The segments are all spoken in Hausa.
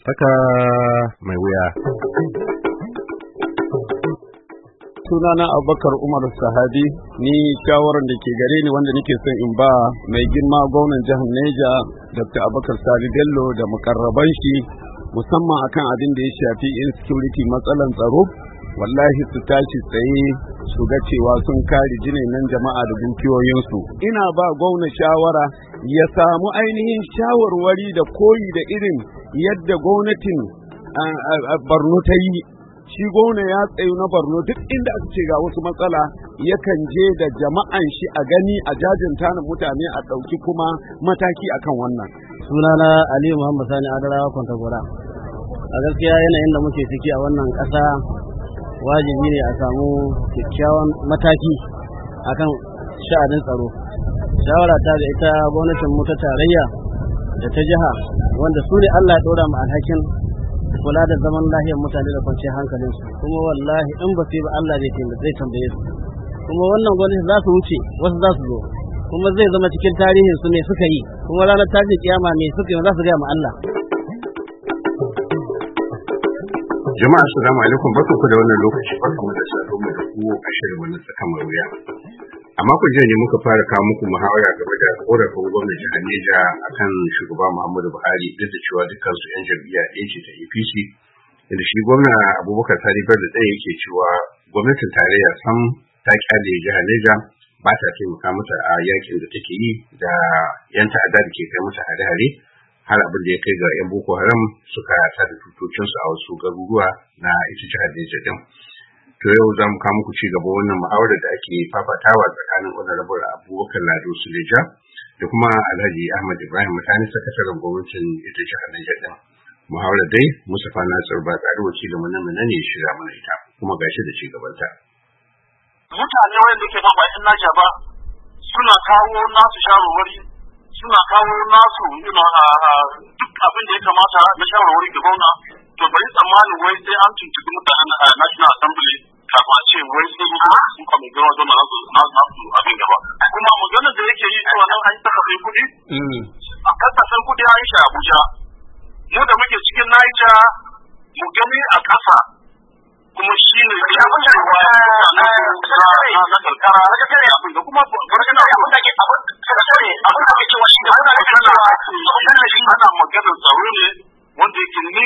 Saka mai wuya. Sunana Abubakar Umar Sahabi ni shawarar da ke gare ni wanda nake son in ba mai girma gwamnan jihar Neja Dr. Abubakar sali Bello da mukarraban shi musamman akan abin da ya shafi in insecurity matsalan tsaro wallahi su tashi tsaye su ga cewa sun kare jinin nan jama'a da dukiyoyinsu ina ba gwamna shawara ya samu ainihin shawarwari da koyi da irin yadda gwamnatin barno ta yi shi gwamna ya tsayu na barno duk inda aka ce ga wasu matsala yakan je da jama'an shi a gani a jajin tanin mutane a ɗauki kuma mataki akan wannan. Sunana Aliyu Muhammad Sani Adarawa Kwantagora. A gaskiya yanayin da muke ciki a wannan ƙasa wajibi ne a samu kyakkyawan mataki akan sha'anin tsaro. shawara ta da ita gwamnatin mu ta tarayya da ta jiha wanda su ne Allah ya dora mu alhakin kula da zaman lahiyar mutane da kwanciyar hankalin su kuma wallahi in ba su ba Allah zai tambaye su kuma wannan gwamnati za su wuce wasu za su zo kuma zai zama cikin tarihin su ne suka yi kuma ranar tashin kiyama ne suka yi za su gaya mu Allah jama'a assalamu alaikum barkanku da wannan lokaci barkanku da sadu mai da ku a shirin wannan tsaka wuya a makon jiya ne muka fara kawo muku muhawara game da korafin gwamnati a kan shugaba Muhammadu Buhari duk da cewa dukkan su yan jam'iyyar ɗaya ce ta APC inda shi gwamna Abubakar Sani Bello ɗaya yake cewa gwamnatin tarayya sam ta kyale jihar Neja ba ta taimaka mata a yakin da take yi da yan ta'adda da ke kai mata hare-hare har abin da ya kai ga yan Boko Haram suka tada tutocinsu a wasu garuruwa na ita jihar Neja din. To yau za mu kama muku ci gaba wannan ma'aurar da ake fafatawa tsakanin Honorable Abubakar Lado Suleja da kuma Alhaji Ahmad Ibrahim Mutane sakataren gwamnatin ita jihar Niger din. Muhawarar dai Mustapha Nasir ba tsari wakilin mu nan ne ya mana ita kuma gashi da ci ta. Mutane wayanda ke ba in naja ba suna kawo nasu shawarwari suna kawo nasu duk abin da ya kamata na shawarwari da gwamna to bai tsammanin wai sai an tuntuɓi mutane a eh, national assembly kafin a ce wai sai yi kuma sun mai gama zama na su abin gaba kuma maganar da yake yi cewa nan an yi ta kasafin kudi mm. a kasafin kuɗi an shi abuja mu da muke cikin naija mu gani a kasa kuma shi ne ya fi cewa na karkara da kuma abin da ke abin da ke cewa shi da ana maganar tsaro ne wanda yake ni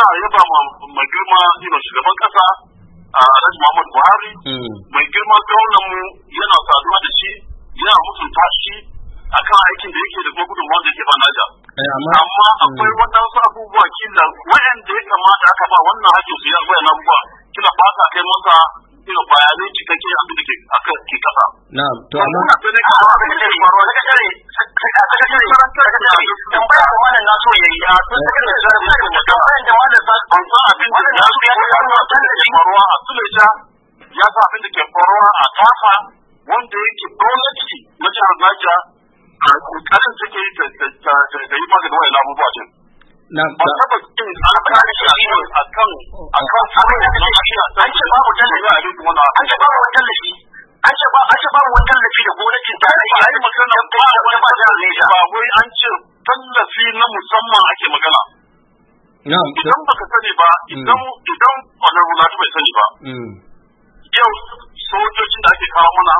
muna yaba mai girma shugaban kasa a alhaji muhammad buhari mai girma gwamnan mu yana saduwa da shi yana mutunta shi akan aikin da yake da kuma da ba naja amma akwai waɗansu abubuwa kila ya kamata aka ba wannan hakin su yan wayan abubuwa kila ba ta kai masa kila bayanai cikakke abin da ke aka ke kasa na'am to amma tambaya Uganda ya sa abin da ke faruwa a kafa wanda yake gwamnati na jihar Niger a kokarin take ta ta yi maganin wa'in abubuwa din. Na ba jin ba shari'a a kan a kan ba da ba shi ba an ba babu tallafi a ba wannan ba ce ba tallafi an ce ba an ce ba wani tallafi da gwamnatin tarayya a yi magana ba wani ba jihar Ba wai an ce tallafi na musamman ake magana. idan baka sani ba idan hmm. idan wannan rula bai sani ba hmm. yau sojojin da ake kawo mana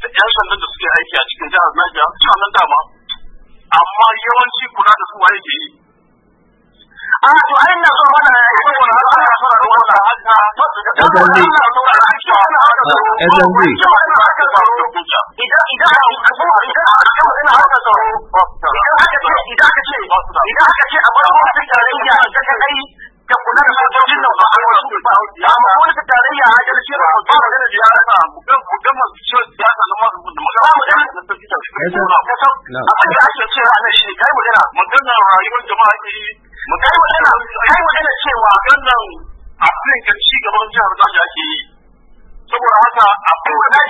da yan sandan da suke aiki a cikin jihar Niger suna nan dama amma yawanci kula da su waye ke yi a ah, to ai na so wannan wannan haka wannan haka wannan haka hujja aka ce haka a bar gwamnatin tarayya ta ta kula da sojojin nan ba an wasu ba amma gwamnatin tarayya a ku ta ake ci gaban jihar ake saboda haka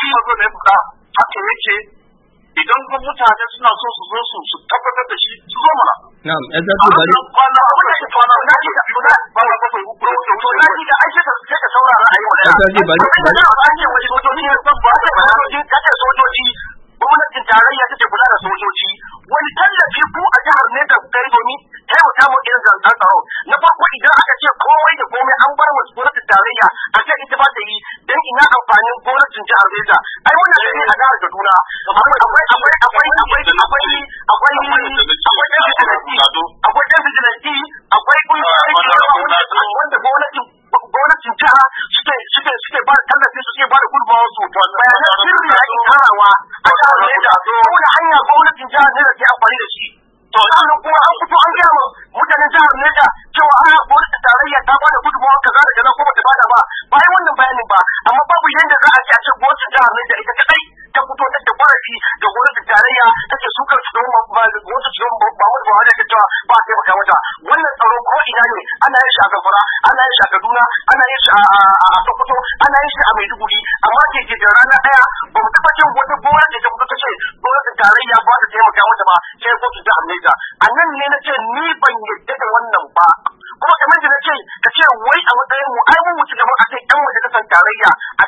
da ya haka yake idan kuma mutane suna so su zo su su tabbatar da shi su zo mana na'am ya zafi bari kwana abin da ke kwana na ji da kuma ba ba ko ko ko na ji da aisha ta sai ka saurara ayi wannan ya zafi bari bari an ce wani sojoji ne san ba ta ba sojoji kace sojoji gwamnatin tarayya take kula da sojoji wani tallafi ku a jihar ne da kai domin taimaka mu irin zanzan tsaro na farko idan aka ce komai da komai an bar wa gwamnatin tarayya a ce ita ba ta yi ina amfanin gwamnatin jihar Niger ai muna gani a da Kaduna akwai akwai akwai akwai jihar da ita kadai ta fito ta da ƙorafi da da tarayya take sukar cikin wata cikin Muhammadu Buhari da cewa ba a taimaka mata wannan tsaro ko ina ne ana yin shi a Zamfara ana yin shi a Kaduna ana yin shi a Sokoto ana yin shi a Maiduguri amma ke ke da rana daya ba mu taɓa jin wata da ta ce gwamnatin tarayya ba ta taimaka mata ba sai kotu ta Amurka a nan ne na ce ni ban yadda da wannan ba kuma kamar da na ce ka ce wai a matsayin mu ai mu mutu gaban a kai ɗan majalisar tarayya a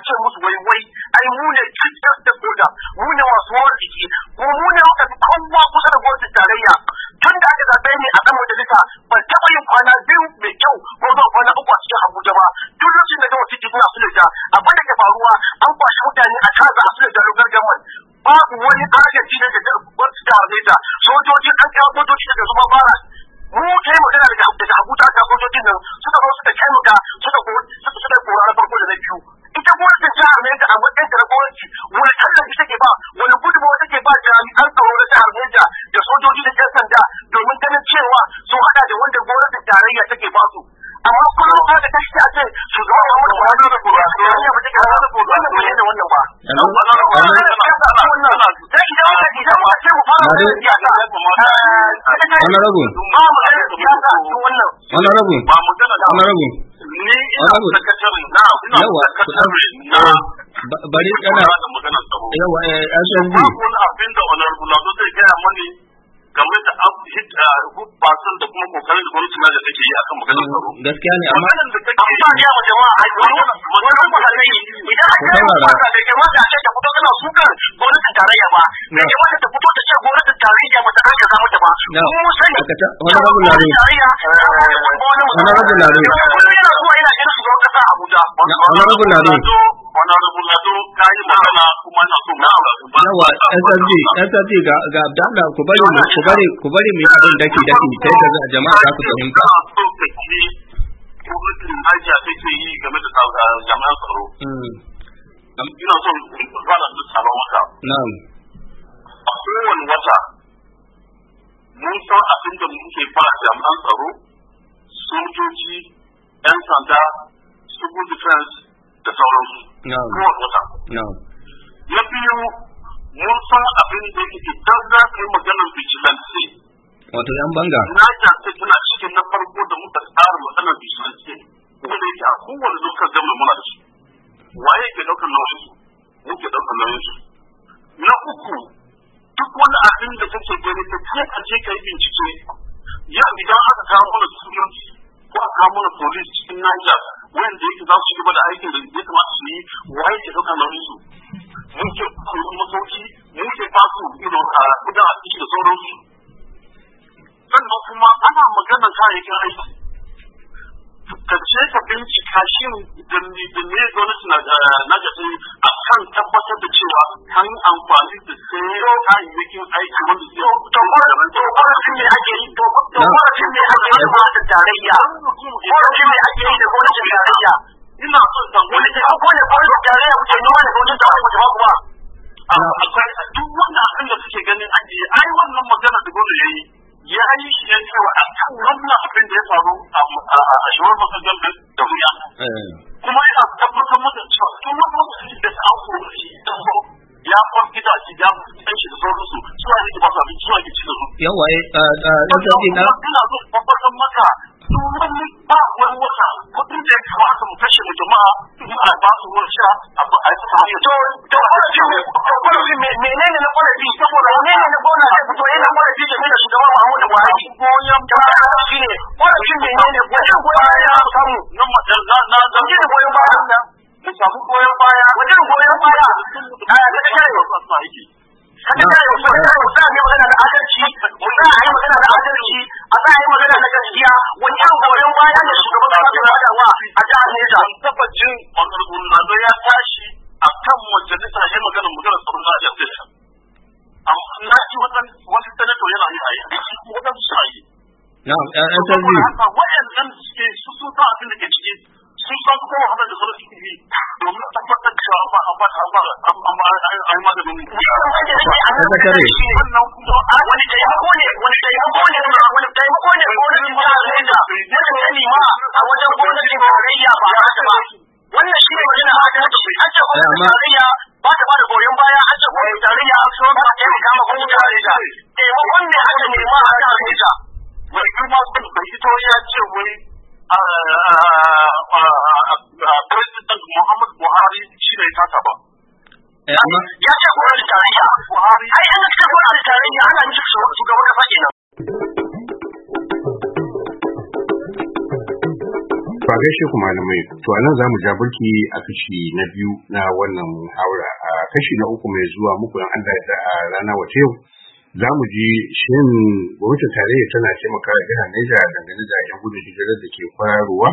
local government babu wani agaji da da gwamnati ta zai ta sojoji an kawo sojoji daga zuma bara mu kai magana daga abu Abuja ta sojojin nan suka zo suka kai muka suka ko suka kora na farko da na biyu ita gwamnatin jihar Niger a matsayin ta na gwamnati wani tallafi take ba wani gudunmawa take ba jami'an tsaro na jihar Niger da sojoji da 'yan sanda domin ganin cewa sun hada da wanda gwamnatin tarayya take ba su amma kullum ba da kashi a ce su zo ya mutu ba da kuwa ya ne mutu ka da kuwa dole mu yanda ba dan wannan wannan wannan dan idan mu fara ta rabu ba mu ya wannan rabu ba mu da rabu ni ina na ina na bari kana yawa bi basun da kuma kokarin da gwamnati ma da take yi akan maganar tsaro. Gaskiya ne amma maganar da take yi ya ma jama'a ai wannan idan da a ta fito tana sukar gwamnatin tarayya ba. Da ta fito ta ce gwamnatin tarayya ba ta za mata ba. Mu sani. Lare. Lare. Lare. masu kayi magana kuma yawa SSD SSD ga ga dada ku bari mu ku bari ku bari mu abin daki daki sai ka ga jama'a za ku fahimta yi da tsaro. son da Na'am. A kowane wata mun san abin da muke ba jami'an tsaro, sojoji, 'yan sanda, civil defense, da sauransu kowane wata na biyu mun san abin da yake idan za ka yi maganar vigilance wato yan banga na jace tana cikin na farko da muka tsara maganar vigilance kuma da yake a kowane lokacin gama muna da su waye ke daukar nauyin su muke daukar nauyin su na uku duk wani abin da kake gani ka je ka je ka yi bincike ya idan aka kawo mana turanci ko aka kawo mana police cikin Niger wanda yake za su ci gaba da aikin da ya kamata su yi waye ke ɗauka nauyin su mun ce koyon masauki mun ce ba irin a gudan a da sauransu sannan kuma ana maganar kayayyakin aiki ka ka bincika shi da gwamnati na gasi ah, a kan tabbatar da cewa kan amfani da sayo kayayyakin aiki wanda zai to korafin ne ake yi to korafin ne ake yi da da tarayya korafin ne ake yi da gwamnatin tarayya ina son wani ne ko ne gwamnatin tarayya kuke nuna da gwamnatin tarayya kuke kuma akwai duk wannan abin da suke ganin an yi ai wannan magana da gwamnati ya yi ya yi shi ya cewa a kan wannan abin da ya faru a shawar makajar da wuya eh. kuma yana tabbatar mata cewa tun wani lokaci da ta kori shi ya zo ya kwan gida shi ya kwan shi da sauransu suna yake ba su abinci suna yake ci su. yawa ya ɗan ɗan ɗan ɗan ɗan ɗan ɗan ɗan ɗan ɗan ɗan ɗan ɗan ɗan zai ba su mu kashe mu jama'a a ba su sha a ba a su hanyar. To to kwalafi menene na kwalafi saboda menene na gona ya fito yana kwalafi game da shugaban Muhammadu Buhari. Goyon baya shi ne kwalafi menene goyon baya ya samu na matsar na na Wajen goyon baya na. samu goyon baya. Wajen goyon baya. A yanzu da kai wasu Kada a za a yi magana na gaskiya wani yan goyon baya da shugaban kasa ke a jihar Neja. Tabbacin ya tashi a kan majalisa ya magana maganar tsaron na ajiyar Neja. Amma na sanato yana yi a yi, wadansu suna yi. Na'am, suke su sun san abin da ke ciki, sun san haɗa da sauran domin tabbatar cewa an ba an ba an ba an an ba an ba an ba an ta taimakon ne aka nema kuma ya ce wai Buhari shi ne ta eh, ku malamai to a nan za mu ja a kashi na biyu na wannan haura a kashi na uku mai zuwa muku yan Allah da a rana wace yau za mu ji shin gwamnatin tarayya tana taimakawa maka jihar Niger dangane da yan gudun hijirar da ke kwararowa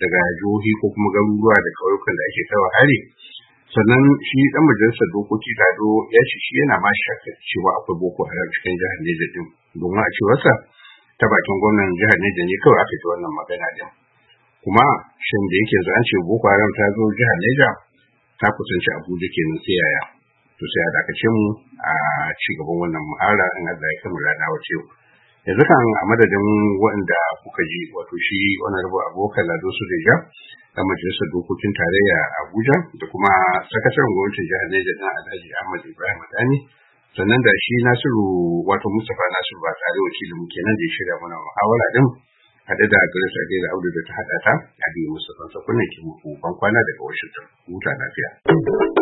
daga jihohi ko kuma garuruwa da ƙauyukan da ake tawa hari sannan shi dan majalisar dokoki gado ya ce shi yana ma shakka cewa akwai boko haram cikin jihar Niger din domin a cewarsa ta bakin gwamnan jihar Niger ne kawai aka ta wannan magana din kuma shin da yake zance boko haram ta zo jihar Niger ta kusanci Abuja kenan sai yaya to sai a dakace mu a ci gaban wannan mu'ara, in Allah ya kama rana wace yau yanzu kan a madadin wanda kuka ji wato shi wani rubu abokan lado su da ja da majalisar dokokin tarayya abuja da kuma sakataren gwamnatin jihar neja ɗan alhaji ahmad ibrahim adani sannan da shi nasiru wato mustapha nasiru ba tare muke nan da ya shirya mana muhawara din haɗe da Grace da Audu da ta haɗa ta, Adi Mustapha Sakunan ki muku ban kwana daga Washington. Huta lafiya.